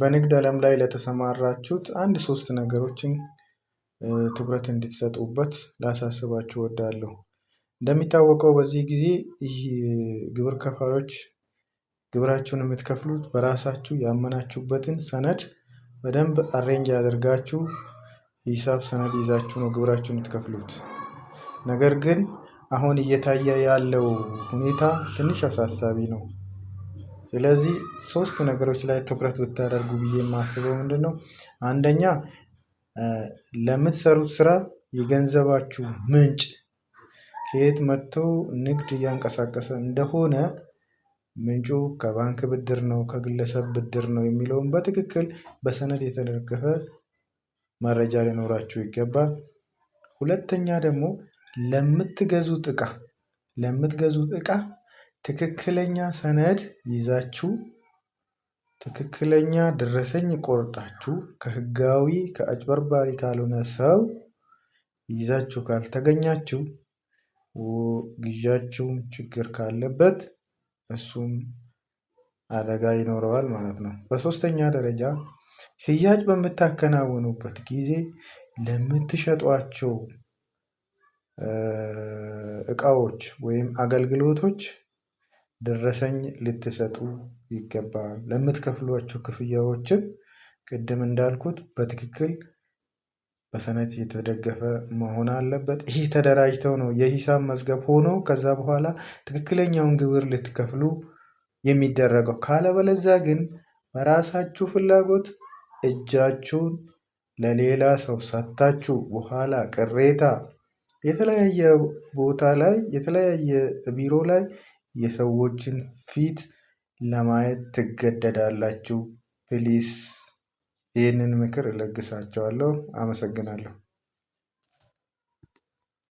በንግድ አለም ላይ ለተሰማራችሁት አንድ ሶስት ነገሮችን ትኩረት እንድትሰጡበት ላሳስባችሁ እወዳለሁ። እንደሚታወቀው በዚህ ጊዜ ይህ ግብር ከፋዮች ግብራችሁን የምትከፍሉት በራሳችሁ ያመናችሁበትን ሰነድ በደንብ አሬንጅ አድርጋችሁ ሂሳብ ሰነድ ይዛችሁ ነው ግብራችሁን የምትከፍሉት። ነገር ግን አሁን እየታየ ያለው ሁኔታ ትንሽ አሳሳቢ ነው ስለዚህ ሶስት ነገሮች ላይ ትኩረት ብታደርጉ ብዬ የማስበው ምንድነው? አንደኛ ለምትሰሩት ስራ የገንዘባችሁ ምንጭ ከየት መጥቶ ንግድ እያንቀሳቀሰ እንደሆነ ምንጩ ከባንክ ብድር ነው ከግለሰብ ብድር ነው የሚለውን በትክክል በሰነድ የተደገፈ መረጃ ሊኖራችሁ ይገባል። ሁለተኛ ደግሞ ለምትገዙት እቃ ለምትገዙት እቃ ትክክለኛ ሰነድ ይዛችሁ ትክክለኛ ደረሰኝ ቆርጣችሁ ከህጋዊ ከአጭበርባሪ ካልሆነ ሰው ይዛችሁ ካልተገኛችሁ ግዣችሁም ችግር ካለበት እሱም አደጋ ይኖረዋል ማለት ነው። በሶስተኛ ደረጃ ሽያጭ በምታከናውኑበት ጊዜ ለምትሸጧቸው እቃዎች ወይም አገልግሎቶች ደረሰኝ ልትሰጡ ይገባል። ለምትከፍሏቸው ክፍያዎችም ቅድም እንዳልኩት በትክክል በሰነድ የተደገፈ መሆን አለበት። ይህ ተደራጅተው ነው የሂሳብ መዝገብ ሆኖ ከዛ በኋላ ትክክለኛውን ግብር ልትከፍሉ የሚደረገው። ካለበለዛ ግን በራሳችሁ ፍላጎት እጃችሁን ለሌላ ሰው ሰጥታችሁ በኋላ ቅሬታ የተለያየ ቦታ ላይ የተለያየ ቢሮ ላይ የሰዎችን ፊት ለማየት ትገደዳላችሁ ፕሊስ ይህንን ምክር እለግሳቸዋለሁ አመሰግናለሁ